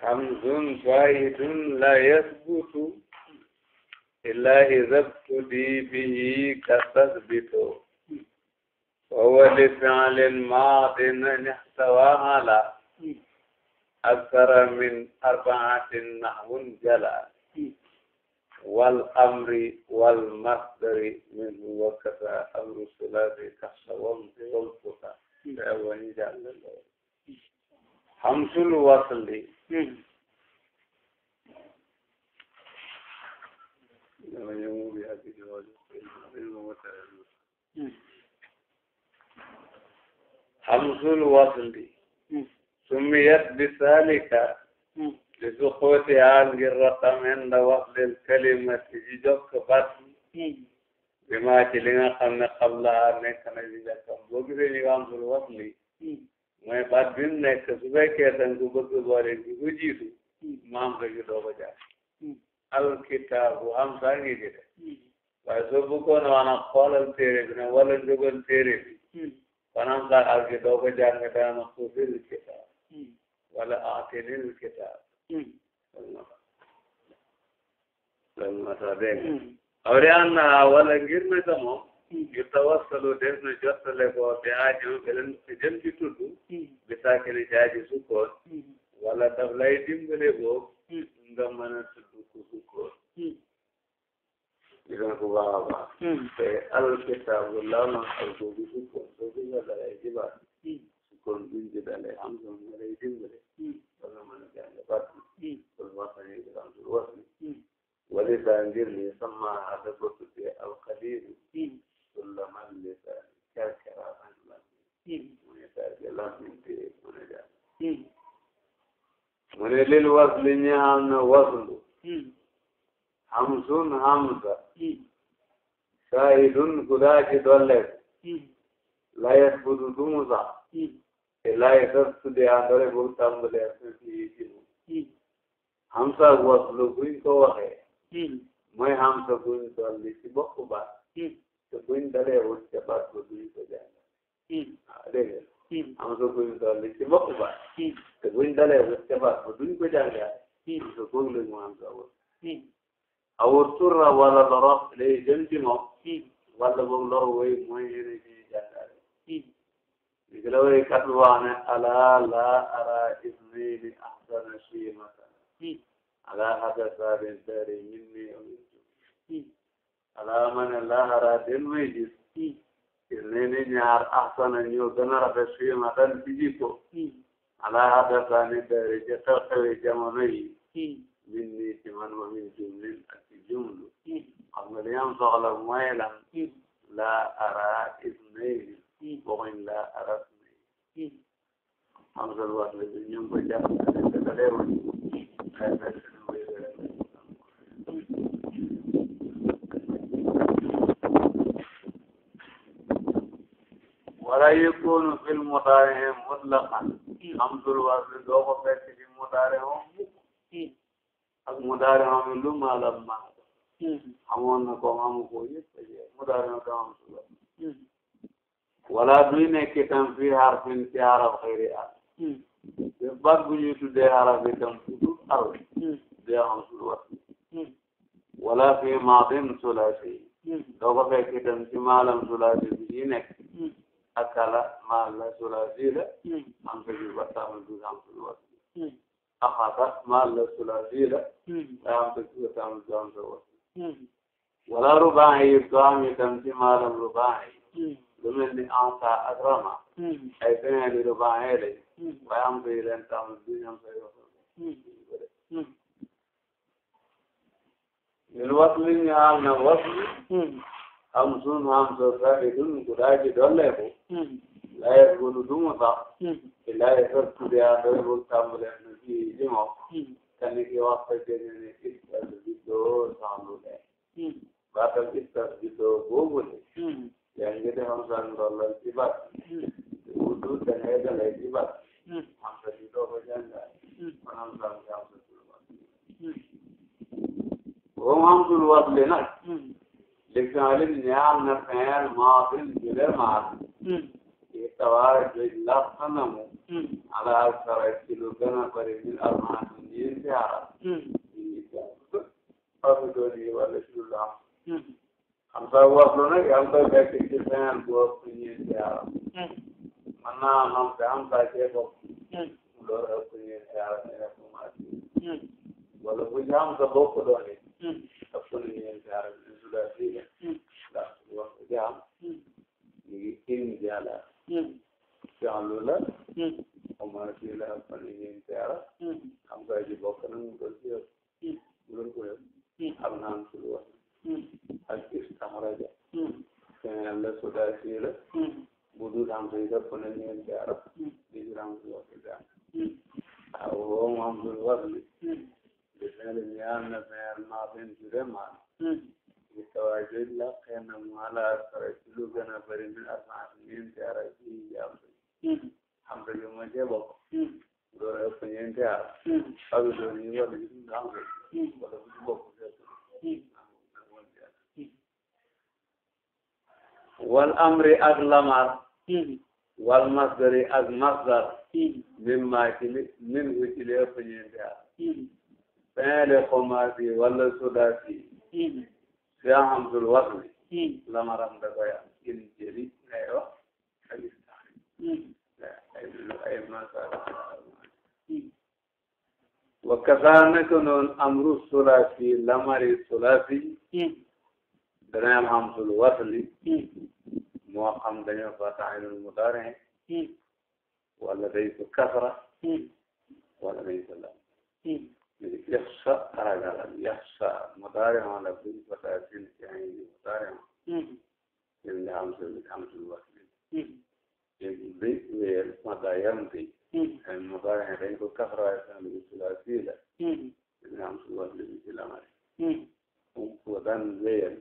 hamzun baitun la yasbutu illa iza btudi bihi kasasbito wa huwa li fi'lin maadin ihtawa ala akthara min arba'atin nahwun jala wal amri wal masdari minhu wa kaza amru sulasi kasawamti wal futa hamsul wasli hamsul hmm. wasli hmm. sumiyat bisalika hmm. li suqutiha ngir ratamenda waslil kalimati ji jokk bat bi maa ci li nga xam ne qablaha nekk na ji jàkkam boo gisee ñu ko wasli mooy baat bi mu nekk su fekkee da nga ko bëgg boole bi ko jiitu maam ko ji doo ko jaar alkitaabu am saa ji de waaye soo bëggoon wana bi ne wala jógal téere bi kon am saa al gi doo ko jaar nga daana xuusil kitaab wala aatinil kitaab loolu ma yu tawassalu des na jottale ko bi aajo beneen si jëm ci tudd hmm. bi saakini jaaji sukkoon hmm. wala daf lay dimbale boobu hmm. nga mën a tudd ku sukkoon gis nga ko baax a baax te alkitaabu laa ma xam ko bi sukkoon soo ko nga dalay jibaat sukkoon buñ ci dalee am sama nga lay dimbale ba nga mën a jàng baat bi kon wasani bi am sul wasni wali saa ngir ni sama da ko tuddee alxaliiru lil wasli ñaal na waslu hmm. hamsun hmm. hmm. hamsa saahidun kudaaji dolleku layes budu dumusa e layes astude andore bul tambale asasi jimu hamsa waslu buñ ko waxee mooy hamsa buñ dolli ci bopp baat te buñ dalee wut ca baat ba duñ ko jàng ah, dégg hamsa buñ dolli ci bopp baat buñ dalee wut jabaat ba duñ ko jàngaat sa góor lañ mu am sa awur awur turra wala loro lay jëm ci moom wala boog la way ara isnayni ahsana shii masala ala hada sabin dari min ni amin ala ma ne la ara den may gis isnayni ñaar ahsana ñoo gën a rafet shii masala ci alaa dafaani dari ja xew-xewi jamono yi min nii ci man wa jumlin ak ci jumlu xam laa ara isnayni waxuñ laa ara isnayni xam la bi ñu ne dëgaleewuñ xëy na sunu wéy wala yakunu fil mutaari mutlaqan Hamzul wasli doo ko fekk ci mudaare moom ak mudaare moom lu maalam maa xamoon na ko amu ko yëpp mudaare moom tam am solo wala duy nekk itam fii harfin ci haraf xëyri ar te baat bu ñuy tuddee haraf itam fudu arw dee Hamzul wasli wala fii maadin sulaasi doo ko fekk itam ci maalam sulaasi bi ñuy nekk akala maala sulaasila an fajir ba taamal hmm. du hamsul wasli hmm. axata maala sulaasila hmm. an fajir ba taamal du hamsul wasli wala rubaayi doami tam ci maalam rubaayi lu mel ni ansa ak rama ay feneen li rubaayi lañ waaye am fajir leen taamal du hamsul wasli min wasli ñaal na wasli am sun am soo saabidun gudaaji dolleeku hmm. laa yaqulu du mu sax hmm. ilaa ye sot tuddee a doy bu tàmbale na fii ci moom kani ki wax sa jëne ne istas biddoo saxlu lee hmm. baatal boobule yaa ngi defam sa ndollal ci bat wudu da ngay dalay ci bat am sa biddoo ko jàngaay man am sa am sa am sa tul wat wo mu am tul wat fi'lin ñaar na fi'l maadin jule maat itawaa joj laqana mu ala sara ci lu gën a bari min almaatu ñeenti arab fafi doon yi wala ci lu lam xam sa waslu nag yàlla koy fekk ci fi'l bu ëpp ñeenti arab mën naa am te am sa cee bopp loolu ëpp ñeenti arab ñu ne ko maat wala bu ñu am sa bopp doon it ëpp na ñeenti Hmm. la hmm. fi'lu la amma fii la fanihin hmm. teera xam nga ji bokk na mu doon ci yow mu doon ko yow am naan sul wax ak istaxraja fi'l la sudaasi la bu dul am sa yëpp fanihin teera di jur am sul wax daal waaw woo mu am sul wax li di fi'l ñaar na fi'l maadin jure maan bi tawaajul laqee na mu ala asara ci lu gën a bëri min asmaat ñeenti araf yi jàmbe xam nga ñu ma cee bokk loolu ëpp ñeenti araf xawi doon yi wala ñu nga xam wala bu ci bokk wal amri ak lamar wal masdari ak masdar min maa ci li min wu ci li ëpp ñeenti araf fin le commencé wala sudaasi fi hamzul wasli lamaram da koy am in jëli ngay wax wa kasaanaka noonu amru sulasi lamari sulasi dana am hamzul wasli moo xam dañoo fataxinul mudarin wala day su kasra wala day su yaxsa ragalal yaxsa mudaare ma la buñ fataa sin ci ay ni mudaare ma sin nga am sul am sul wasli léegi béy wéyal mata yamti ay mudaare ma dañ ko kafraay tan bi sula sila sin nga am sul wasli bi ci lamare um ko daan wéyal